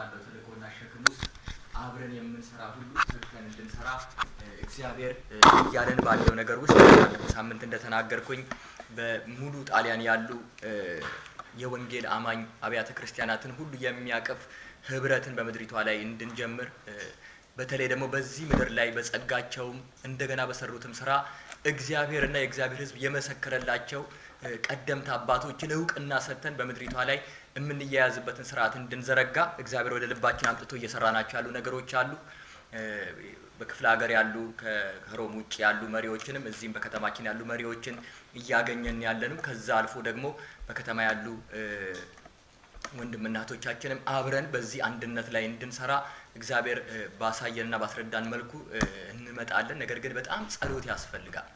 ባለው ትልቁና ሸክም ውስጥ አብረን የምንሰራ ሁሉ ሰብከን እንድንሰራ እግዚአብሔር እያለን ባለው ነገር ውስጥ ሳምንት እንደተናገርኩኝ በሙሉ ጣሊያን ያሉ የወንጌል አማኝ አብያተ ክርስቲያናትን ሁሉ የሚያቅፍ ህብረትን በምድሪቷ ላይ እንድንጀምር በተለይ ደግሞ በዚህ ምድር ላይ በጸጋቸውም እንደገና በሰሩትም ስራ እግዚአብሔርና የእግዚአብሔር ሕዝብ የመሰከረላቸው ቀደምት አባቶችን እውቅና ሰጥተን በምድሪቷ ላይ የምንያያዝበትን ስርዓት እንድንዘረጋ እግዚአብሔር ወደ ልባችን አምጥቶ እየሰራ ናቸው ያሉ ነገሮች አሉ። በክፍለ ሀገር ያሉ ከሮም ውጭ ያሉ መሪዎችንም እዚህም በከተማችን ያሉ መሪዎችን እያገኘን ያለንም ከዛ አልፎ ደግሞ በከተማ ያሉ ወንድም እናቶቻችንም አብረን በዚህ አንድነት ላይ እንድንሰራ እግዚአብሔር ባሳየንና ባስረዳን መልኩ እንመጣለን። ነገር ግን በጣም ጸሎት ያስፈልጋል።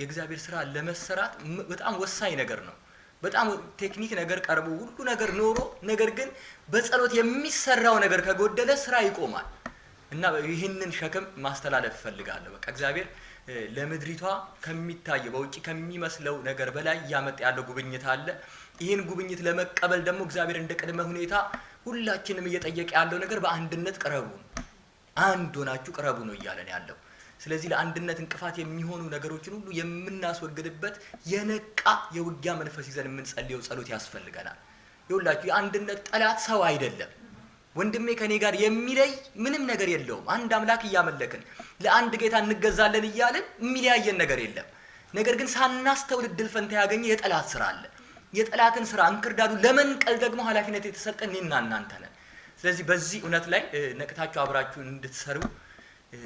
የእግዚአብሔር ስራ ለመሰራት በጣም ወሳኝ ነገር ነው። በጣም ቴክኒክ ነገር ቀርቦ ሁሉ ነገር ኖሮ ነገር ግን በጸሎት የሚሰራው ነገር ከጎደለ ስራ ይቆማል እና ይህንን ሸክም ማስተላለፍ እፈልጋለሁ። በቃ እግዚአብሔር ለምድሪቷ ከሚታየው በውጭ ከሚመስለው ነገር በላይ እያመጣ ያለው ጉብኝት አለ። ይህን ጉብኝት ለመቀበል ደግሞ እግዚአብሔር እንደ ቅድመ ሁኔታ ሁላችንም እየጠየቀ ያለው ነገር በአንድነት ቅረቡ፣ አንድ ሆናችሁ ቅረቡ ነው እያለን ያለው። ስለዚህ ለአንድነት እንቅፋት የሚሆኑ ነገሮችን ሁሉ የምናስወግድበት የነቃ የውጊያ መንፈስ ይዘን የምንጸልየው ጸሎት ያስፈልገናል። ይሁላችሁ የአንድነት ጠላት ሰው አይደለም። ወንድሜ ከኔ ጋር የሚለይ ምንም ነገር የለውም። አንድ አምላክ እያመለክን ለአንድ ጌታ እንገዛለን እያልን የሚለያየን ነገር የለም። ነገር ግን ሳናስተውል እድል ፈንታ ያገኘ የጠላት ስራ አለ። የጠላትን ስራ እንክርዳዱ ለመንቀል ደግሞ ኃላፊነት የተሰጠ እኔና እናንተ ነን። ስለዚህ በዚህ እውነት ላይ ነቅታችሁ አብራችሁ እንድትሰሩ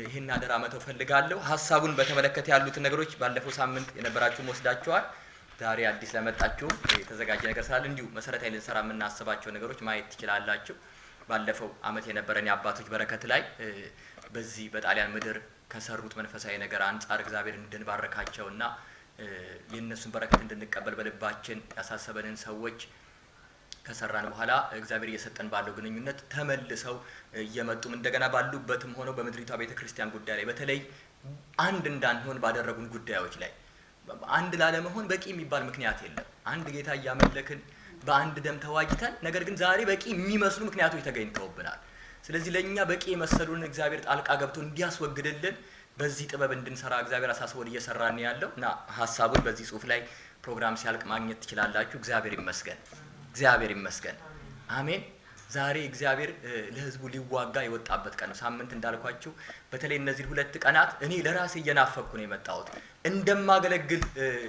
ይህን አደራ መተው ፈልጋለሁ። ሀሳቡን በተመለከተ ያሉትን ነገሮች ባለፈው ሳምንት የነበራችሁም ወስዳችኋል። ዛሬ አዲስ ለመጣችሁም የተዘጋጀ ነገር ስላለ እንዲሁ መሰረታዊ ልንሰራ የምናስባቸው ነገሮች ማየት ትችላላችሁ። ባለፈው አመት የነበረን የአባቶች በረከት ላይ በዚህ በጣሊያን ምድር ከሰሩት መንፈሳዊ ነገር አንጻር እግዚአብሔር እንድንባረካቸውና የእነሱን በረከት እንድንቀበል በልባችን ያሳሰበንን ሰዎች ከሰራን በኋላ እግዚአብሔር እየሰጠን ባለው ግንኙነት ተመልሰው እየመጡም እንደገና ባሉበትም ሆነው በምድሪቷ ቤተ ክርስቲያን ጉዳይ ላይ በተለይ አንድ እንዳንሆን ባደረጉን ጉዳዮች ላይ አንድ ላለመሆን በቂ የሚባል ምክንያት የለም። አንድ ጌታ እያመለክን በአንድ ደም ተዋጅተን፣ ነገር ግን ዛሬ በቂ የሚመስሉ ምክንያቶች ተገኝተውብናል። ስለዚህ ለእኛ በቂ የመሰሉን እግዚአብሔር ጣልቃ ገብቶ እንዲያስወግድልን በዚህ ጥበብ እንድንሰራ እግዚአብሔር አሳስቦን እየሰራን ያለው እና ሀሳቡን በዚህ ጽሁፍ ላይ ፕሮግራም ሲያልቅ ማግኘት ትችላላችሁ። እግዚአብሔር ይመስገን። እግዚአብሔር ይመስገን። አሜን። ዛሬ እግዚአብሔር ለህዝቡ ሊዋጋ የወጣበት ቀን ነው። ሳምንት እንዳልኳችሁ በተለይ እነዚህ ሁለት ቀናት እኔ ለራሴ እየናፈኩ ነው የመጣሁት። እንደማገለግል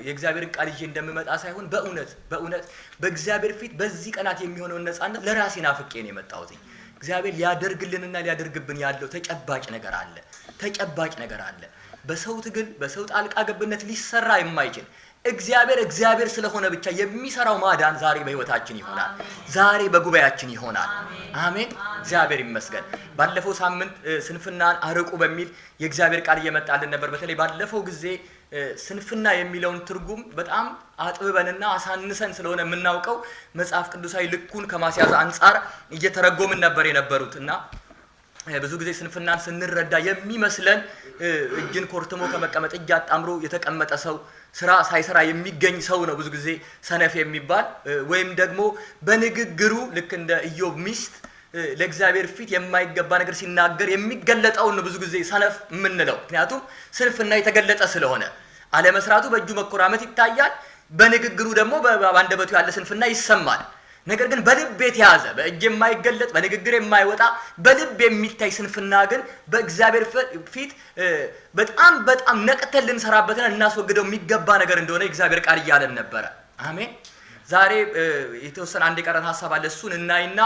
የእግዚአብሔርን ቃል ይዤ እንደምመጣ ሳይሆን በእውነት በእውነት በእግዚአብሔር ፊት በዚህ ቀናት የሚሆነውን ነጻነት ለራሴ ናፍቄ ነው የመጣሁት እግዚአብሔር ሊያደርግልንና ሊያደርግብን ያለው ተጨባጭ ነገር አለ። ተጨባጭ ነገር አለ። በሰው ትግል፣ በሰው ጣልቃ ገብነት ሊሰራ የማይችል እግዚአብሔር እግዚአብሔር ስለሆነ ብቻ የሚሰራው ማዳን ዛሬ በህይወታችን ይሆናል። ዛሬ በጉባኤያችን ይሆናል። አሜን። እግዚአብሔር ይመስገን። ባለፈው ሳምንት ስንፍናን አርቁ በሚል የእግዚአብሔር ቃል እየመጣልን ነበር። በተለይ ባለፈው ጊዜ ስንፍና የሚለውን ትርጉም በጣም አጥብበንና አሳንሰን ስለሆነ የምናውቀው መጽሐፍ ቅዱሳዊ ልኩን ከማስያዝ አንጻር እየተረጎምን ነበር የነበሩት እና ብዙ ጊዜ ስንፍናን ስንረዳ የሚመስለን እጅን ኮርትሞ ከመቀመጥ እጅ አጣምሮ የተቀመጠ ሰው ስራ ሳይሰራ የሚገኝ ሰው ነው ብዙ ጊዜ ሰነፍ የሚባል ወይም ደግሞ በንግግሩ ልክ እንደ ኢዮብ ሚስት ለእግዚአብሔር ፊት የማይገባ ነገር ሲናገር የሚገለጠውን ነው ብዙ ጊዜ ሰነፍ የምንለው። ምክንያቱም ስንፍና የተገለጠ ስለሆነ አለመስራቱ በእጁ መኮራመት ይታያል፣ በንግግሩ ደግሞ በአንደበቱ ያለ ስንፍና ይሰማል። ነገር ግን በልብ የተያዘ በእጅ የማይገለጥ በንግግር የማይወጣ በልብ የሚታይ ስንፍና ግን በእግዚአብሔር ፊት በጣም በጣም ነቅተን ልንሰራበትን ልናስወግደው የሚገባ ነገር እንደሆነ እግዚአብሔር ቃል እያለን ነበረ። አሜን። ዛሬ የተወሰነ አንድ የቀረን ሀሳብ አለ። እሱን እናይና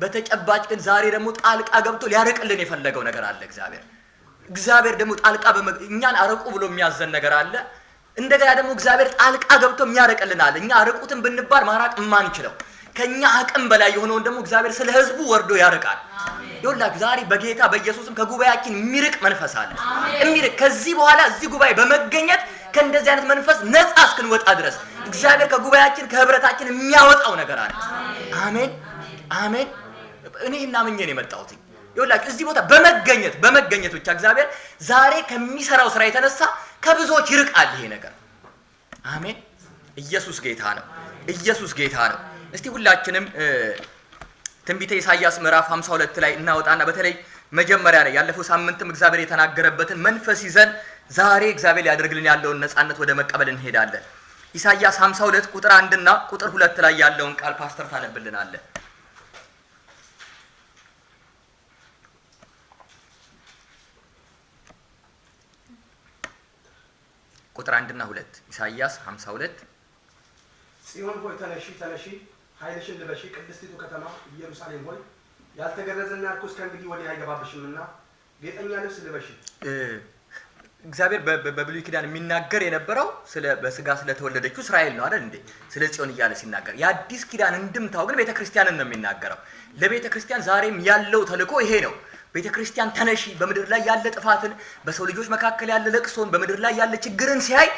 በተጨባጭ ግን ዛሬ ደግሞ ጣልቃ ገብቶ ሊያርቅልን የፈለገው ነገር አለ። እግዚአብሔር እግዚአብሔር ደግሞ ጣልቃ እኛን አርቁ ብሎ የሚያዘን ነገር አለ። እንደገና ደግሞ እግዚአብሔር ጣልቃ ገብቶ የሚያርቅልን አለ። እኛ አርቁትን ብንባል ማራቅ የማንችለው ከኛ አቅም በላይ የሆነውን ደግሞ እግዚአብሔር ስለ ህዝቡ ወርዶ ያርቃል። ይሁንላችሁ ዛሬ በጌታ በኢየሱስም ከጉባኤያችን የሚርቅ መንፈስ አለ። የሚርቅ ከዚህ በኋላ እዚህ ጉባኤ በመገኘት ከእንደዚህ አይነት መንፈስ ነጻ እስክንወጣ ድረስ እግዚአብሔር ከጉባኤያችን ከህብረታችን የሚያወጣው ነገር አለ። አሜን አሜን። እኔ እናምኜ ነው የመጣሁት። ይኸውላችሁ እዚህ ቦታ በመገኘት በመገኘት ብቻ እግዚአብሔር ዛሬ ከሚሰራው ስራ የተነሳ ከብዙዎች ይርቃል ይሄ ነገር። አሜን። ኢየሱስ ጌታ ነው። ኢየሱስ ጌታ ነው። እስቲ ሁላችንም ትንቢተ ኢሳይያስ ምዕራፍ 52 ላይ እናወጣና በተለይ መጀመሪያ ላይ ያለፈው ሳምንትም እግዚአብሔር የተናገረበትን መንፈስ ይዘን ዛሬ እግዚአብሔር ሊያደርግልን ያለውን ነጻነት ወደ መቀበል እንሄዳለን። ኢሳይያስ 52 ቁጥር እና ቁጥር 2 ላይ ያለውን ቃል ፓስተር ታነብልናለህ። ቁጥር እና 2 ኢሳይያስ 52 ጽዮን ሆይ ተነሺ ተነሺ ኃይልሽን ልበሺ ቅድስቲቱ ከተማ ኢየሩሳሌም ሆይ ያልተገረዘና እርኩስ ከእንግዲህ ወዲህ አይገባብሽምና ጌጠኛ ልብስ ልበሺ። እግዚአብሔር በብሉይ ኪዳን የሚናገር የነበረው ስለ በስጋ ስለተወለደችው እስራኤል ነው አይደል እንዴ? ስለ ጽዮን እያለ ሲናገር የአዲስ ኪዳን እንድምታው ግን ቤተ ክርስቲያንን ነው የሚናገረው። ለቤተ ክርስቲያን ዛሬም ያለው ተልእኮ ይሄ ነው። ቤተ ክርስቲያን ተነሺ፣ በምድር ላይ ያለ ጥፋትን፣ በሰው ልጆች መካከል ያለ ለቅሶን፣ በምድር ላይ ያለ ችግርን ሲያይ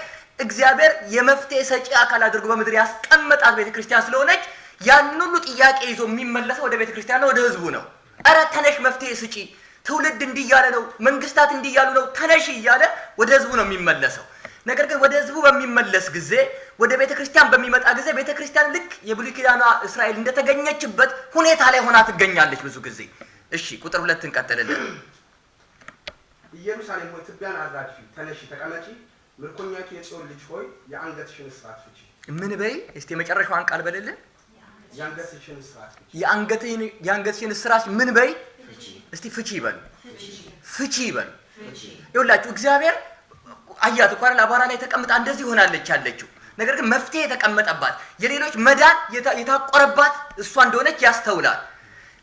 እግዚአብሔር የመፍትሄ ሰጪ አካል አድርጎ በምድር ያስቀመጣት ቤተ ክርስቲያን ስለሆነች ያንን ሁሉ ጥያቄ ይዞ የሚመለሰው ወደ ቤተ ክርስቲያን ወደ ህዝቡ ነው። እረ ተነሽ መፍትሄ ስጪ፣ ትውልድ እንዲህ እያለ ነው፣ መንግስታት እንዲህ እያሉ ነው፣ ተነሽ እያለ ወደ ህዝቡ ነው የሚመለሰው። ነገር ግን ወደ ህዝቡ በሚመለስ ጊዜ ወደ ቤተ ክርስቲያን በሚመጣ ጊዜ ቤተ ክርስቲያን ልክ የብሉይ ኪዳኗ እስራኤል እንደተገኘችበት ሁኔታ ላይ ሆና ትገኛለች ብዙ ጊዜ። እሺ ቁጥር ሁለት እንቀጥልልን። ኢየሩሳሌም ሆይ ትቢያን አራግፊ፣ ተነሺ ተቀመጪ፣ ምርኮኛቱ የጽዮን ልጅ ሆይ የአንገትሽን እስራት ፍቺ። ምን በይ እስቲ የመጨረሻዋን ቃል በልልን የአንገትሽን ስራች ምን በይ እስቲ ፍቺ ይበሉ፣ ፍቺ ይበሉ። ይኸውላችሁ እግዚአብሔር አያት እኮ አይደል አቧራ ላይ ተቀምጣ እንደዚህ ሆናለች ያለችው። ነገር ግን መፍትሄ የተቀመጠባት የሌሎች መዳን የታቆረባት እሷ እንደሆነች ያስተውላል።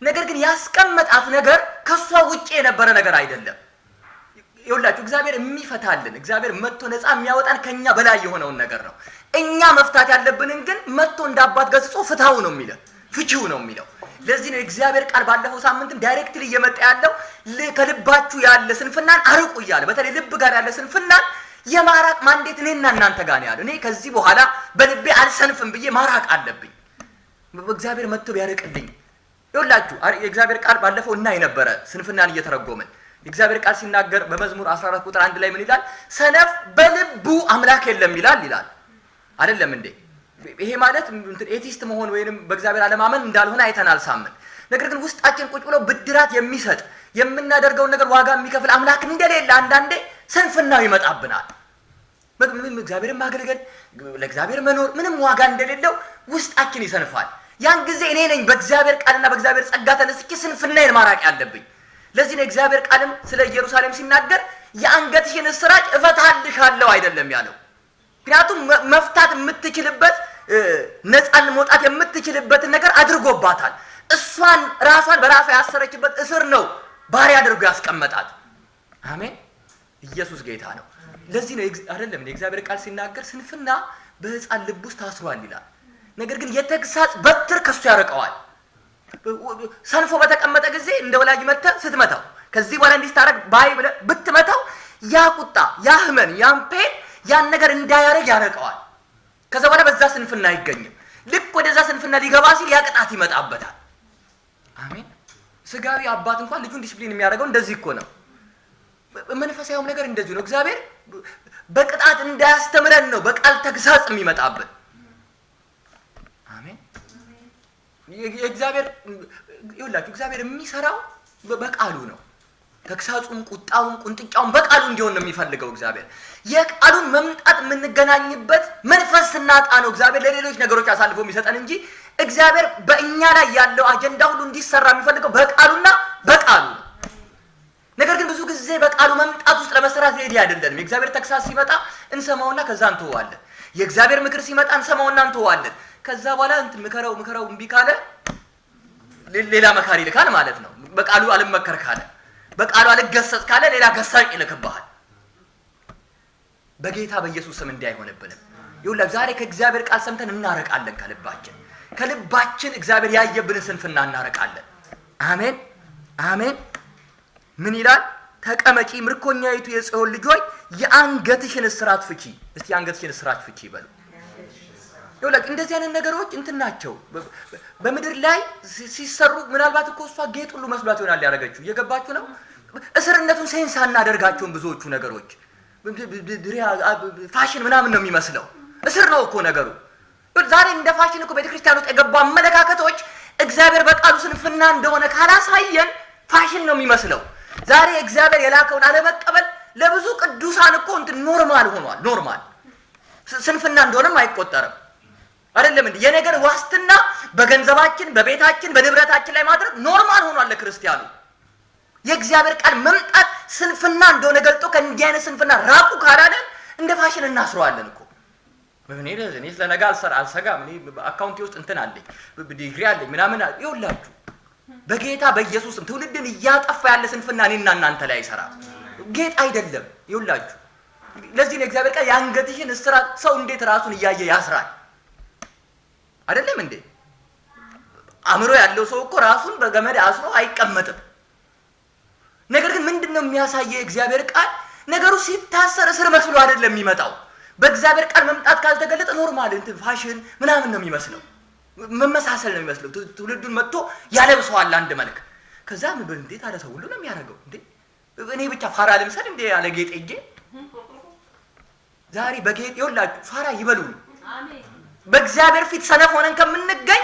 ነገር ግን ያስቀመጣት ነገር ከእሷ ውጭ የነበረ ነገር አይደለም። ይኸውላችሁ እግዚአብሔር የሚፈታልን እግዚአብሔር መጥቶ ነፃ የሚያወጣን ከኛ በላይ የሆነውን ነገር ነው። እኛ መፍታት ያለብንን ግን መጥቶ እንደ አባት ገጽጾ ፍታው ነው የሚለን ፍቺው ነው የሚለው። ለዚህ ነው የእግዚአብሔር ቃል ባለፈው ሳምንትም ዳይሬክትሊ እየመጣ ያለው ከልባችሁ ያለ ስንፍናን አርቁ እያለ በተለይ ልብ ጋር ያለ ስንፍናን የማራቅ ማንዴት እኔና እናንተ ጋር ያለ እኔ ከዚህ በኋላ በልቤ አልሰንፍም ብዬ ማራቅ አለብኝ። እግዚአብሔር መጥቶ ቢያርቅልኝ ይኸውላችሁ የእግዚአብሔር ቃል ባለፈው እና የነበረ ስንፍናን እየተረጎምን የእግዚአብሔር ቃል ሲናገር በመዝሙር 14 ቁጥር አንድ ላይ ምን ይላል? ሰነፍ በልቡ አምላክ የለም ይላል ይላል። አይደለም እንዴ? ይሄ ማለት ኤቲስት መሆን ወይንም በእግዚአብሔር አለማመን እንዳልሆነ አይተናል ሳምን። ነገር ግን ውስጣችን ቁጭ ብሎ ብድራት የሚሰጥ የምናደርገውን ነገር ዋጋ የሚከፍል አምላክ እንደሌለ አንዳንዴ ስንፍናው ይመጣብናል። እግዚአብሔርን ማገልገል ለእግዚአብሔር መኖር ምንም ዋጋ እንደሌለው ውስጣችን ይሰንፋል። ያን ጊዜ እኔ ነኝ በእግዚአብሔር ቃልና በእግዚአብሔር ጸጋ ተነስቼ ስንፍናዬን ማራቅ ያለብኝ። ለዚህ ነው እግዚአብሔር ቃልም ስለ ኢየሩሳሌም ሲናገር የአንገትሽን እስራጭ እፈታልሻለሁ አይደለም ያለው። ምክንያቱም መፍታት የምትችልበት ነፃን መውጣት የምትችልበትን ነገር አድርጎባታል። እሷን ራሷን በራሷ ያሰረችበት እስር ነው ባሪያ አድርጎ ያስቀመጣት። አሜን። ኢየሱስ ጌታ ነው። ለዚህ ነው አይደለም የእግዚአብሔር ቃል ሲናገር ስንፍና በህፃን ልብ ውስጥ ታስሯል ይላል። ነገር ግን የተግሳጽ በትር ከሱ ያርቀዋል። ሰንፎ በተቀመጠ ጊዜ እንደ ወላጅ መተ ስትመታው ከዚህ በኋላ እንዲህ ስታደርግ ባይ ብለ ብትመታው ያ ቁጣ፣ ያ ህመን፣ ያን ፔን ያን ነገር እንዳያደርግ ያረቀዋል። ከዛ በኋላ በዛ ስንፍና አይገኝም። ልክ ወደዛ ስንፍና ሊገባ ሲል ያ ቅጣት ይመጣበታል። አሜን። ስጋዊ አባት እንኳን ልጁን ዲስፕሊን የሚያደርገው እንደዚህ እኮ ነው። መንፈሳዊም ነገር እንደዚሁ ነው። እግዚአብሔር በቅጣት እንዳያስተምረን ነው በቃል ተግሳጽ የሚመጣብን። የእግዚአብሔር ይኸውላችሁ እግዚአብሔር የሚሰራው በቃሉ ነው። ተግሳጹን፣ ቁጣውን፣ ቁንጥጫውን በቃሉ እንዲሆን ነው የሚፈልገው እግዚአብሔር። የቃሉን መምጣት የምንገናኝበት መንፈስ ስናጣ ነው እግዚአብሔር ለሌሎች ነገሮች አሳልፎ የሚሰጠን እንጂ እግዚአብሔር በእኛ ላይ ያለው አጀንዳ ሁሉ እንዲሰራ የሚፈልገው በቃሉና በቃሉ ነገር ግን ብዙ ጊዜ በቃሉ መምጣት ውስጥ ለመሰራት ሬዲ አይደለንም። የእግዚአብሔር ተግሳጽ ሲመጣ እንሰማውና ከዛ እንትዋለን። የእግዚአብሔር ምክር ሲመጣ እንሰማውና እንትዋለን። ከዛ በኋላ እንትን ምከረው ምከረው እምቢ ካለ ሌላ መካሪ ይልካል ማለት ነው። በቃሉ አልመከር ካለ፣ በቃሉ አልገሰጽ ካለ ሌላ ገሳጭ ይልክብሃል። በጌታ በኢየሱስ ስም እንዲህ አይሆንብንም። ይሁላ ዛሬ ከእግዚአብሔር ቃል ሰምተን እናረቃለን። ከልባችን ከልባችን እግዚአብሔር ያየብንን ስንፍና እናረቃለን። አሜን አሜን። ምን ይላል? ተቀመጪ ምርኮኛይቱ የጽዮን ልጅ ሆይ የአንገትሽን እስራት ፍቺ። እስቲ አንገትሽን እስራት ፍቺ ይበሉ ይኸውልህ እንደዚህ አይነት ነገሮች እንትን ናቸው። በምድር ላይ ሲሰሩ ምናልባት እኮ እሷ ጌጥ ሁሉ መስሏት ይሆናል ያደረገችው። እየገባችሁ ነው? እስርነቱን ሴንስ አናደርጋቸውን ብዙዎቹ ነገሮች ፋሽን ምናምን ነው የሚመስለው። እስር ነው እኮ ነገሩ። ዛሬ እንደ ፋሽን እኮ ቤተክርስቲያን ውስጥ የገቡ አመለካከቶች እግዚአብሔር በቃሉ ስንፍና እንደሆነ ካላሳየን ፋሽን ነው የሚመስለው። ዛሬ እግዚአብሔር የላከውን አለመቀበል ለብዙ ቅዱሳን እኮ እንትን ኖርማል ሆኗል። ኖርማል ስንፍና እንደሆነም አይቆጠርም። አይደለም እንዴ? የነገር ዋስትና በገንዘባችን፣ በቤታችን፣ በንብረታችን ላይ ማድረግ ኖርማል ሆኗል ለክርስቲያኑ። የእግዚአብሔር ቃል መምጣት ስንፍና እንደሆነ ገልጦ ከእንዲህ አይነት ስንፍና ራቁ ካላለን እንደ ፋሽን እናስረዋለን እኮ። እኔ ስለ ነገ አልሰጋም። አካውንቴ ውስጥ እንትን አለኝ፣ ዲግሪ አለኝ ምናምን ይውላችሁ። በጌታ በኢየሱስም ትውልድን እያጠፋ ያለ ስንፍና እኔና እናንተ ላይ አይሰራ ጌጥ አይደለም ይውላችሁ። ለዚህ ነው እግዚአብሔር ቃል የአንገትሽን እስራት ሰው እንዴት ራሱን እያየ ያስራል አይደለም እንዴ? አእምሮ ያለው ሰው እኮ ራሱን በገመድ አስሮ አይቀመጥም። ነገር ግን ምንድን ነው የሚያሳየ እግዚአብሔር ቃል ነገሩ ሲታሰር እስር መስሎ አይደለም የሚመጣው። በእግዚአብሔር ቃል መምጣት ካልተገለጠ ኖርማል እንትን ፋሽን ምናምን ነው የሚመስለው፣ መመሳሰል ነው የሚመስለው። ትውልዱን መጥቶ ያለብሰዋል አንድ መልክ። ከዛ ምብል እንዴ ታዲያ ሰው ሁሉ ነው የሚያደርገው እንዴ? እኔ ብቻ ፋራ ልምሰል እንዴ? ያለ ጌጤ ዛሬ በጌጥ የውላችሁ ፋራ ይበሉ በእግዚአብሔር ፊት ሰነፍ ሆነን ከምንገኝ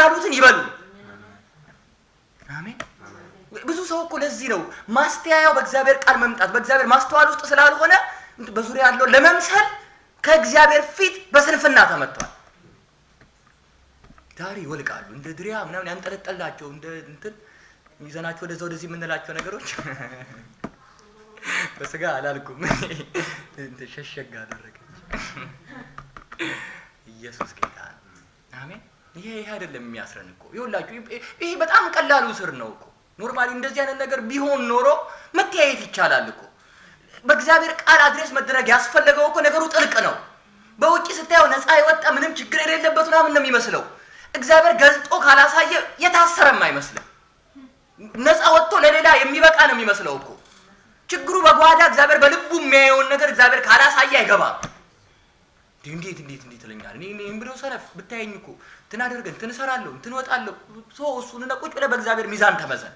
ያሉትን ይበሉ። አሜን። ብዙ ሰው እኮ ለዚህ ነው ማስተያየው በእግዚአብሔር ቃል መምጣት በእግዚአብሔር ማስተዋል ውስጥ ስላልሆነ በዙሪያ ያለው ለመምሰል ከእግዚአብሔር ፊት በስንፍና ተመቷል። ዳር ይወልቃሉ እንደ ድሪያ ምናምን ያንጠለጠላቸው እንደ እንትን ይዘናቸው ወደዛ ወደዚህ የምንላቸው ነገሮች በስጋ አላልኩም ሸሸግ አደረገች። ኢየሱስ ጌታ ነው። አሜን። ይሄ ይሄ አይደለም የሚያስረን እኮ ይኸውላችሁ፣ ይሄ በጣም ቀላሉ ስር ነው እኮ ኖርማሊ እንደዚህ አይነት ነገር ቢሆን ኖሮ መተያየት ይቻላል እኮ። በእግዚአብሔር ቃል አድሬስ መደረግ ያስፈለገው እኮ ነገሩ ጥልቅ ነው። በውጭ ስታየው ነፃ የወጣ ምንም ችግር የሌለበት ምናምን ነው የሚመስለው። እግዚአብሔር ገልጦ ካላሳየ የታሰረም አይመስልም። ነፃ ወጥቶ ለሌላ የሚበቃ ነው የሚመስለው እኮ። ችግሩ በጓዳ እግዚአብሔር በልቡ የሚያየውን ነገር እግዚአብሔር ካላሳየ አይገባም። እንዴት እንዴት እንዴት ትለኛል። እኔ እኔም ብለው ሰነፍ ብታየኝ እኮ እንትን አደርገን ትንሰራለሁ ትንወጣለሁ ሰው እሱን ቁጭ ብለህ በእግዚአብሔር ሚዛን ተመዘን።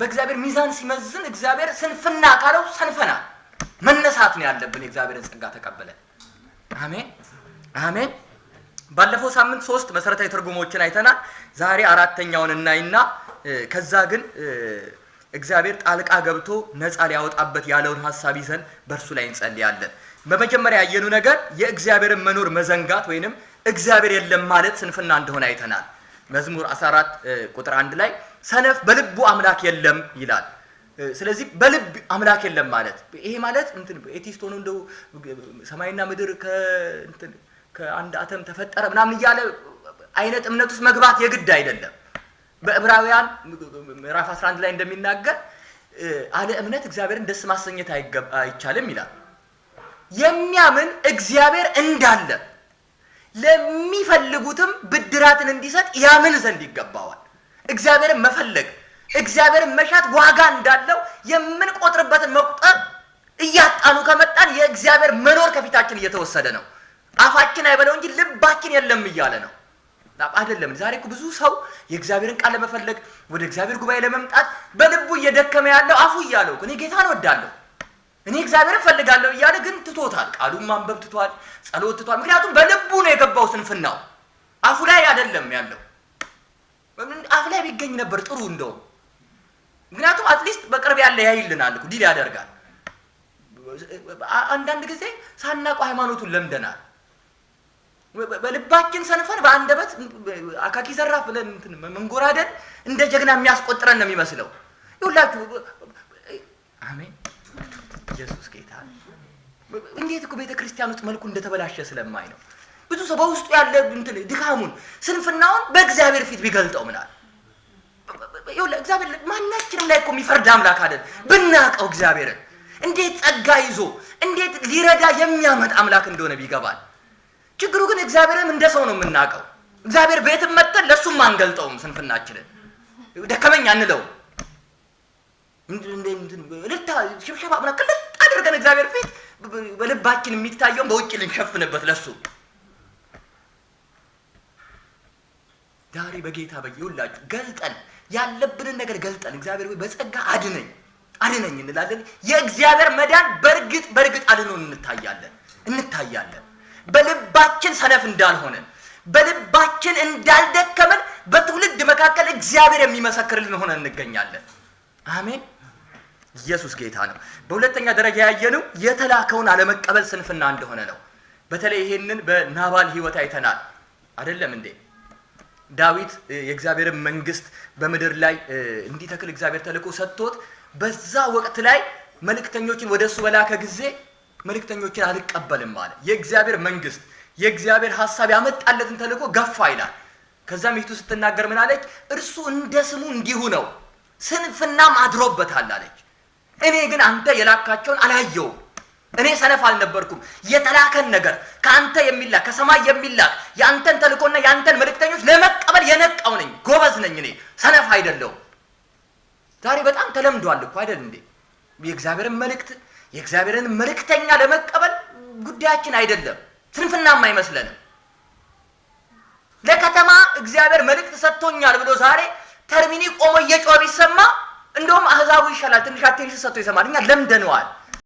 በእግዚአብሔር ሚዛን ሲመዝን እግዚአብሔር ስንፍና ካለው ሰንፈና መነሳት ነው ያለብን። የእግዚአብሔርን ጸጋ ተቀበለን። አሜን አሜን። ባለፈው ሳምንት ሶስት መሰረታዊ ትርጉሞችን አይተናል። ዛሬ አራተኛውን እናይና ከዛ ግን እግዚአብሔር ጣልቃ ገብቶ ነፃ ሊያወጣበት ያለውን ሀሳብ ይዘን በእርሱ ላይ እንጸልያለን። በመጀመሪያ ያየኑ ነገር የእግዚአብሔርን መኖር መዘንጋት ወይንም እግዚአብሔር የለም ማለት ስንፍና እንደሆነ አይተናል። መዝሙር 14 ቁጥር 1 ላይ ሰነፍ በልቡ አምላክ የለም ይላል። ስለዚህ በልብ አምላክ የለም ማለት ይሄ ማለት እንትን ኤቲስት ሆኖ እንደው ሰማይና ምድር ከአንድ አተም ተፈጠረ ምናምን እያለ አይነት እምነት ውስጥ መግባት የግድ አይደለም። በዕብራውያን ምዕራፍ 11 ላይ እንደሚናገር አለ እምነት እግዚአብሔርን ደስ ማሰኘት አይቻልም ይላል። የሚያምን እግዚአብሔር እንዳለ ለሚፈልጉትም ብድራትን እንዲሰጥ ያምን ዘንድ ይገባዋል። እግዚአብሔርን መፈለግ እግዚአብሔርን መሻት ዋጋ እንዳለው የምንቆጥርበትን መቁጠር እያጣኑ ከመጣን የእግዚአብሔር መኖር ከፊታችን እየተወሰደ ነው። አፋችን አይበለው እንጂ ልባችን የለም እያለ ነው። አይደለም። ዛሬ እኮ ብዙ ሰው የእግዚአብሔርን ቃል ለመፈለግ ወደ እግዚአብሔር ጉባኤ ለመምጣት በልቡ እየደከመ ያለው አፉ እያለው እኔ ጌታን ወዳለሁ እኔ እግዚአብሔርን ፈልጋለሁ እያለ ግን ትቶታል። ቃሉን ማንበብ ትቷል፣ ጸሎት ትቷል። ምክንያቱም በልቡ ነው የገባው ስንፍናው አፉ ላይ አይደለም ያለው። አፉ ላይ ቢገኝ ነበር ጥሩ እንደውም። ምክንያቱም አትሊስት በቅርብ ያለ ያይልናል ዲል ያደርጋል። አንዳንድ ጊዜ ሳናውቀው ሃይማኖቱን ለምደናል። በልባችን ሰንፈን በአንደበት አካኪ ዘራፍ ብለን መንጎራደን እንደ ጀግና የሚያስቆጥረን ነው የሚመስለው። ይሁላችሁ አሜን። ኢየሱስ ጌታ። እንዴት እኮ ቤተ ክርስቲያን ውስጥ መልኩ እንደተበላሸ ስለማይ ነው። ብዙ ሰው በውስጡ ያለ እንትን ድካሙን፣ ስንፍናውን በእግዚአብሔር ፊት ቢገልጠው ምናል እግዚአብሔር ማናችንም ላይ እኮ የሚፈርድ አምላክ አይደል። ብናቀው እግዚአብሔርን እንዴት ጸጋ ይዞ እንዴት ሊረዳ የሚያመጣ አምላክ እንደሆነ ቢገባል ችግሩ ግን እግዚአብሔርን እንደ ሰው ነው የምናውቀው። እግዚአብሔር ቤትም መጠን ለእሱም አንገልጠውም። ስንፍናችንን ደከመኝ አንለው። ልታ ሽብሸባ ምና ቅልጥ አድርገን እግዚአብሔር ፊት በልባችን የሚታየውን በውጭ ልንሸፍንበት ለሱ ዛሬ በጌታ በየሁላችሁ ገልጠን ያለብንን ነገር ገልጠን እግዚአብሔር ሆይ በጸጋ አድነኝ አድነኝ እንላለን። የእግዚአብሔር መዳን በእርግጥ በእርግጥ አድኖን እንታያለን እንታያለን። በልባችን ሰነፍ እንዳልሆንን በልባችን እንዳልደከመን በትውልድ መካከል እግዚአብሔር የሚመሰክርልን ሆነ እንገኛለን። አሜን። ኢየሱስ ጌታ ነው። በሁለተኛ ደረጃ ያየነው የተላከውን አለመቀበል ስንፍና እንደሆነ ነው። በተለይ ይሄንን በናባል ሕይወት አይተናል አይደለም እንዴ? ዳዊት የእግዚአብሔርን መንግስት በምድር ላይ እንዲተክል እግዚአብሔር ተልእኮ ሰጥቶት በዛ ወቅት ላይ መልእክተኞችን ወደ እሱ በላከ ጊዜ መልእክተኞችን አልቀበልም አለ። የእግዚአብሔር መንግስት የእግዚአብሔር ሀሳብ ያመጣለትን ተልእኮ ገፋ ይላል። ከዛ ሚስቱ ስትናገር ምን አለች? እርሱ እንደ ስሙ እንዲሁ ነው፣ ስንፍናም አድሮበታል አለች። እኔ ግን አንተ የላካቸውን አላየውም። እኔ ሰነፍ አልነበርኩም። የተላከን ነገር ከአንተ የሚላክ ከሰማይ የሚላክ የአንተን ተልእኮና የአንተን መልእክተኞች ለመቀበል የነቃው ነኝ፣ ጎበዝ ነኝ፣ እኔ ሰነፍ አይደለሁም። ዛሬ በጣም ተለምዷል እኮ አይደል እንዴ? የእግዚአብሔርን መልእክት የእግዚአብሔርን መልእክተኛ ለመቀበል ጉዳያችን አይደለም፣ ስንፍናም አይመስለንም። ለከተማ እግዚአብሔር መልእክት ሰጥቶኛል ብሎ ዛሬ ተርሚኒ ቆሞ እየጮኸ ቢሰማ እንደውም አህዛቡ ይሻላል፣ ትንሽ አቴንሽን ሰጥቶ ይሰማል። እኛ ለምደነዋል።